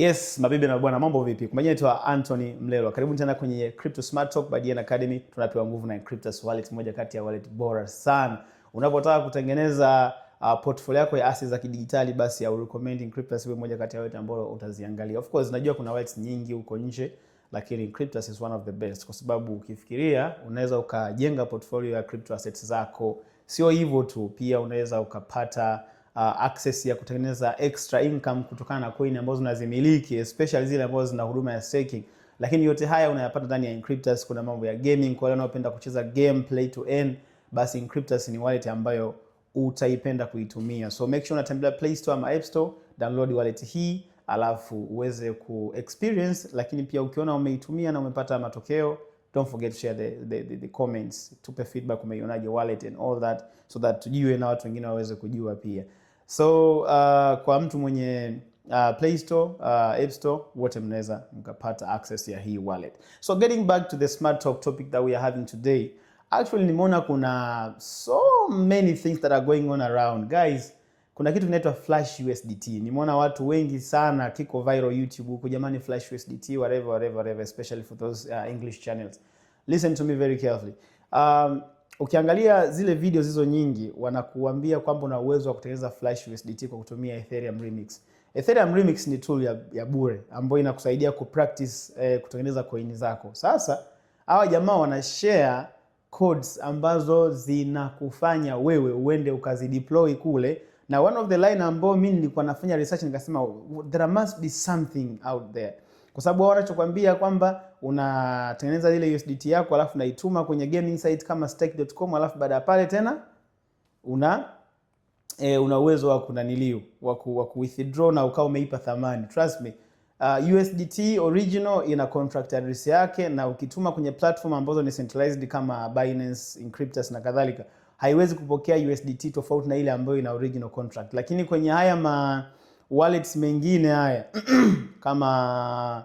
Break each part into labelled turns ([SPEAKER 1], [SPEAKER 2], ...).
[SPEAKER 1] Yes, mabibi na mabwana, mambo vipi? Kwa majina naitwa Anthony Mlelwa. Karibuni tena kwenye Crypto Smart Talk by DN Academy. Tunapewa nguvu na Encryptus Wallet, moja kati ya wallet bora sana. Unapotaka kutengeneza uh, portfolio yako ya assets za kidijitali, basi au recommend Encryptus iwe moja kati ya wallet ambazo utaziangalia. Of course, najua kuna wallets nyingi huko nje, lakini Encryptus is one of the best kwa sababu ukifikiria unaweza ukajenga portfolio ya crypto assets zako. Sio hivyo tu, pia unaweza ukapata uh, access ya kutengeneza extra income kutokana na coin ambazo unazimiliki especially zile ambazo zina huduma ya staking. Lakini yote haya unayapata ndani ya Inkryptus. Kuna mambo ya gaming kwa wale wanaopenda kucheza game play to earn, basi Inkryptus ni wallet ambayo utaipenda kuitumia. So make sure unatembelea Play Store ama App Store, download wallet hii alafu uweze ku experience. Lakini pia ukiona umeitumia na umepata matokeo, don't forget to share the, the, the, the comments, tupe feedback umeionaje wallet and all that, so that tujue na watu wengine waweze kujua pia. So uh, kwa mtu mwenye uh, Play Store, uh, App Store wote mnaweza mkapata access ya hii wallet. So getting back to the Smart Talk topic that we are having today, actually nimeona kuna so many things that are going on around guys. Kuna kitu kinaitwa Flash USDT. Nimeona watu wengi sana kiko viral YouTube huko jamani, Flash USDT whatever whatever whatever, especially for those uh, English channels. Listen to me very carefully. Um, Ukiangalia zile video zizo nyingi wanakuambia kwamba una uwezo wa kutengeneza Flash USDT kwa kutumia Ethereum Remix. Ethereum Remix ni tool ya, ya bure ambayo inakusaidia kupractice eh, kutengeneza coin zako. Sasa hawa jamaa wana share codes ambazo zinakufanya wewe uende ukazideploy kule, na one of the line ambao mimi nilikuwa nafanya research nikasema there must be something out there, kwa sababu wao wanachokwambia kwamba unatengeneza ile USDT yako alafu unaituma kwenye gaming site kama stake.com, alafu baada ya pale tena una e, una uwezo wa kunaniliu wa ku withdraw na ukawa umeipa thamani. Trust me, uh, USDT original ina contract address yake, na ukituma kwenye platform ambazo ni centralized kama Binance, Inkryptus na kadhalika, haiwezi kupokea USDT tofauti na ile ambayo ina original contract, lakini kwenye haya ma wallets mengine haya kama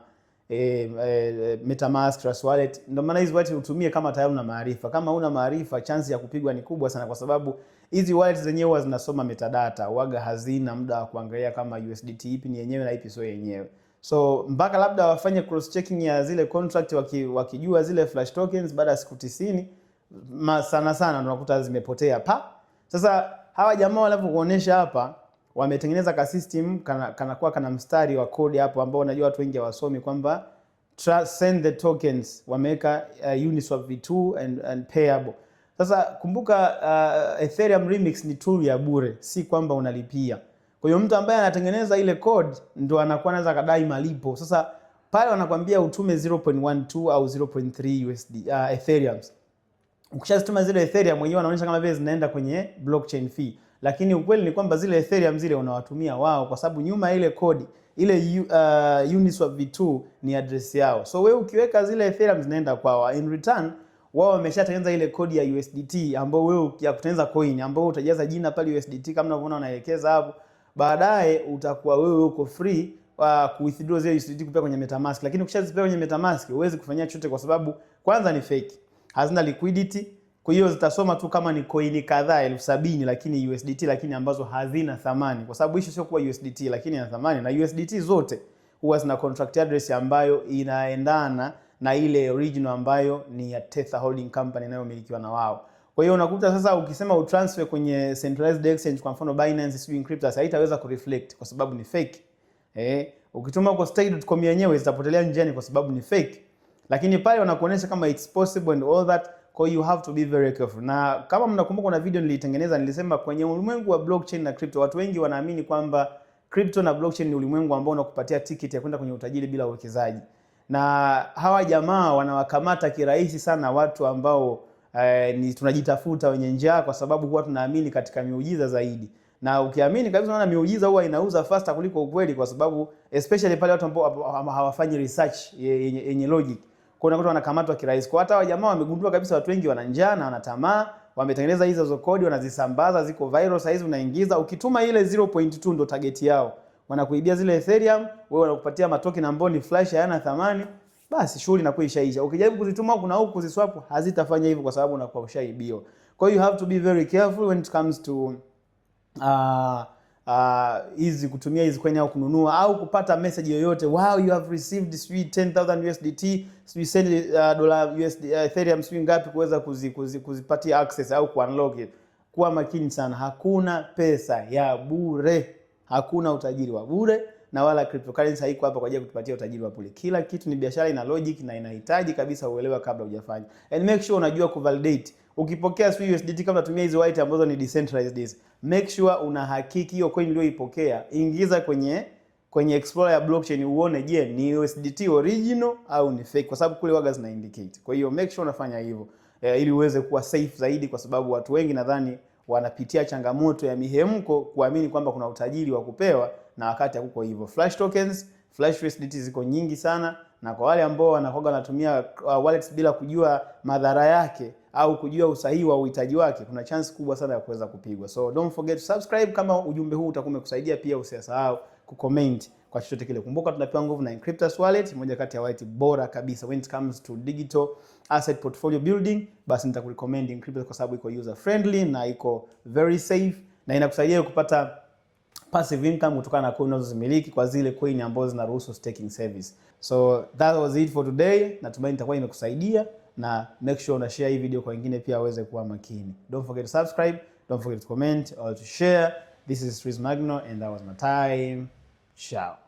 [SPEAKER 1] e, e, MetaMask, Trust Wallet. Ndio maana hizi wallet utumie kama tayari una maarifa. Kama una maarifa, chansi ya kupigwa ni kubwa sana, kwa sababu hizi wallet zenyewe huwa zinasoma metadata, waga hazina muda wa kuangalia kama USDT ipi ni yenyewe na ipi sio yenyewe. So mpaka labda wafanye cross checking ya zile contract waki, wakijua zile flash tokens baada ya siku 90 sana sana tunakuta zimepotea pa. Sasa hawa jamaa wanavyokuonesha hapa wametengeneza ka system kana kanakuwa kana mstari wa kodi hapo ambao unajua watu wengi hawasomi kwamba send the tokens wameweka uh, Uniswap v2 and, and payable. Sasa kumbuka uh, Ethereum Remix ni tool ya bure, si kwamba unalipia. Kwa hiyo mtu ambaye anatengeneza ile code ndio anakuwa anaweza kadai malipo. Sasa pale wanakuambia utume 0.12 au 0.3 USD uh, Ethereum. Ukishazituma zile Ethereum mwenyewe anaonyesha kama vile zinaenda kwenye blockchain fee lakini ukweli ni kwamba zile Ethereum zile unawatumia wao, kwa sababu nyuma ile kodi ile uh, Uniswap v2 ni address yao. So wewe ukiweka zile Ethereum zinaenda kwao, in return wao wameshatengeneza ile kodi ya USDT ambayo wewe ya kutengeneza coin ambayo utajaza jina pale USDT kama unavyoona unaelekeza hapo, baadaye utakuwa wewe uko free wa uh, kuwithdraw zile USDT kupeleka kwenye MetaMask, lakini ukishazipeleka kwenye MetaMask huwezi kufanyia chochote, kwa sababu kwanza ni fake, hazina liquidity kwa hiyo zitasoma tu kama ni koini kadhaa elfu sabini lakini USDT lakini ambazo hazina thamani, kwa sababu issue sio kuwa USDT lakini ina thamani, na USDT zote huwa zina contract address ambayo inaendana na ile original ambayo ni ya Tether Holding Company inayomilikiwa na wao. Kwa hiyo unakuta sasa ukisema utransfer kwenye centralized exchange kwa mfano Binance, sijui Cryptos haitaweza kureflect kwa sababu ni fake. Eh, ukituma kwa stay.com yenyewe zitapotelea njiani kwa sababu ni fake. Lakini pale wanakuonesha kama it's possible and all that kwa hiyo you have to be very careful. Na kama mnakumbuka kuna video nilitengeneza, nilisema kwenye ulimwengu wa blockchain na crypto, watu wengi wanaamini kwamba crypto na blockchain ni ulimwengu ambao unakupatia tiketi ya kwenda kwenye utajiri bila uwekezaji, na hawa jamaa wanawakamata kirahisi sana watu ambao eh, ni tunajitafuta wenye njaa, kwa sababu huwa tunaamini katika miujiza zaidi na ukiamini kabisa, unaona miujiza huwa inauza faster kuliko ukweli, kwa sababu especially pale watu ambao hawafanyi research yenye logic. Kwa unakuta wanakamatwa kirahisi. Kwa hata wajamaa wamegundua kabisa watu wengi wana njaa na wana tamaa, wametengeneza hizo hizo kodi wanazisambaza, ziko viral saizi, unaingiza ukituma ile 0.2 ndo target yao. Wanakuibia zile Ethereum, wewe wanakupatia matoken ambayo ni flash hayana thamani, basi shughuli inakuwa ishaisha. Ukijaribu kuzituma na huku kuziswap, hazitafanya hivyo kwa sababu unakuwa ushaibiwa. Kwa hiyo you have to be very careful when it comes to uh, Uh, hizi uh, kutumia hizi kwenye au kununua au kupata message yoyote, wow you have received sijui 10000 USDT sijui send uh, dola USD uh, Ethereum sijui ngapi, kuweza kuzi, kuzi, kuzipatia access au kuunlock it. Kuwa makini sana, hakuna pesa ya bure, hakuna utajiri wa bure na wala cryptocurrency haiko hapa kwa ajili kutupatia utajiri wa bure. Kila kitu ni biashara, ina logic na inahitaji kabisa uelewa kabla hujafanya, and make sure unajua kuvalidate ukipokea sio USDT, kama unatumia hizo wallet ambazo ni decentralized hizo, make sure una hakiki hiyo coin uliyoipokea, ingiza kwenye kwenye explorer ya blockchain uone, je, ni USDT original au ni fake, kwa sababu kule waga zina indicate. Kwa hiyo make sure unafanya hivyo e, ili uweze kuwa safe zaidi, kwa sababu watu wengi nadhani wanapitia changamoto ya mihemko kuamini kwamba kuna utajiri wa kupewa na wakati hakuko hivyo. Flash tokens, flash USDT ziko nyingi sana, na kwa wale ambao wanakoga wanatumia uh, wallets bila kujua madhara yake au kujua usahihi wa uhitaji wake, kuna chance kubwa sana ya kuweza kupigwa. So don't forget to subscribe kama ujumbe huu utakuwa umekusaidia. Pia usisahau kucomment kwa chochote kile. Kumbuka tunapewa nguvu na Inkryptus Wallet, moja kati ya wallet bora kabisa when it comes to digital asset portfolio building. Basi nitakurecommend Inkryptus kwa sababu iko user friendly na iko very safe na inakusaidia kupata passive income kutokana na coin unazozimiliki kwa zile coin ambazo zinaruhusu staking service. So that was it for today. Natumaini itakuwa imekusaidia na make sure una share hii video kwa wengine pia waweze kuwa makini. Don't forget to subscribe, don't forget to comment or to share. This is Riz Magno and that was my time. Ciao.